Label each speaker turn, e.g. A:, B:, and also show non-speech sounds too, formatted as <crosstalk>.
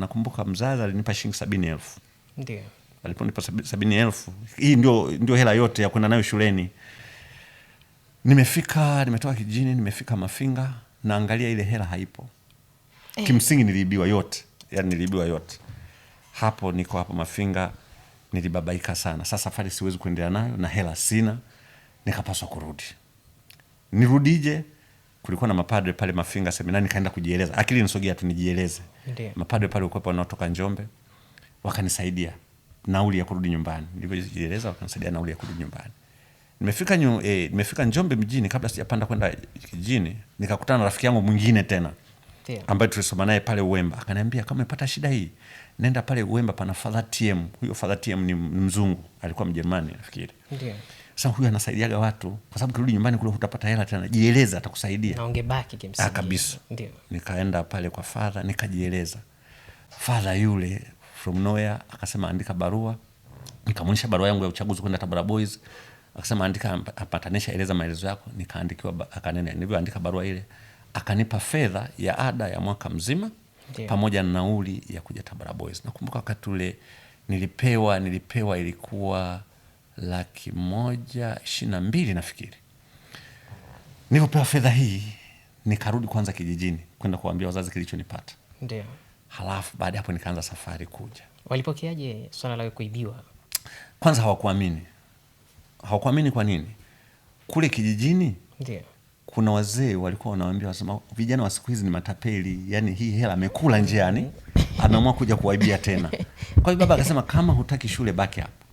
A: nakumbuka mzazi alinipa shilingi sabini elfu aliponipa sabini elfu hii ndio, ndio hela yote ya kwenda nayo shuleni. Nimefika, nimetoka kijini, nimefika Mafinga, naangalia ile hela haipo eh. Kimsingi niliibiwa yote, yani niliibiwa yote. Hapo niko hapo Mafinga nilibabaika sana. Sasa safari siwezi kuendelea nayo na hela sina, nikapaswa kurudi. Nirudije? Kulikuwa na mapadre pale Mafinga semina, nikaenda kujieleza, akili nisogea tu nijieleze mapadre pale ukwepo wanaotoka Njombe wakanisaidia nauli ya kurudi nyumbani, nilivyojieleza, wakanisaidia nauli ya kurudi nyumbani. Nimefika nyu, eh, nimefika Njombe mjini, kabla sijapanda kwenda kijini nikakutana na rafiki yangu mwingine tena ambayo tulisoma naye pale Uwemba, akaniambia kama umepata shida hii nenda pale Uwemba, pana Father TM. Huyo Father TM ni mzungu, alikuwa Mjerumani nafikiri yeah. Sasa huyu anasaidiaga watu kwa sababu kirudi nyumbani kule hutapata hela tena, jieleza, atakusaidia
B: na ungebaki kimsingi
A: ah, kabisa. Nikaenda pale kwa Father nikajieleza, Father yule from nowhere akasema andika barua, nikamwonyesha barua yangu ya uchaguzi kwenda Tabora Boys, akasema andika, apatanisha, eleza maelezo yako. Nikaandikiwa, akanena nilivyoandika barua ile akanipa fedha ya ada ya mwaka mzima Ndiyo. pamoja na nauli ya kuja Tabora Boys. Nakumbuka wakati ule nilipewa nilipewa ilikuwa laki moja ishirini na mbili nafikiri. Nilipopewa fedha hii nikarudi kwanza kijijini kwenda kuwambia wazazi kilichonipata. Ndiyo. Halafu baada ya hapo nikaanza safari kuja.
B: Walipokeaje swala la kuibiwa?
A: Kwanza hawakuamini, hawakuamini. Kwa nini? Kule kijijini Ndiyo kuna wazee walikuwa wanawaambia wasema, vijana wa siku hizi ni matapeli, yani hii hela amekula njiani, mm. ameamua kuja kuwaibia tena. <laughs> Kwa hiyo baba akasema, kama hutaki shule baki hapo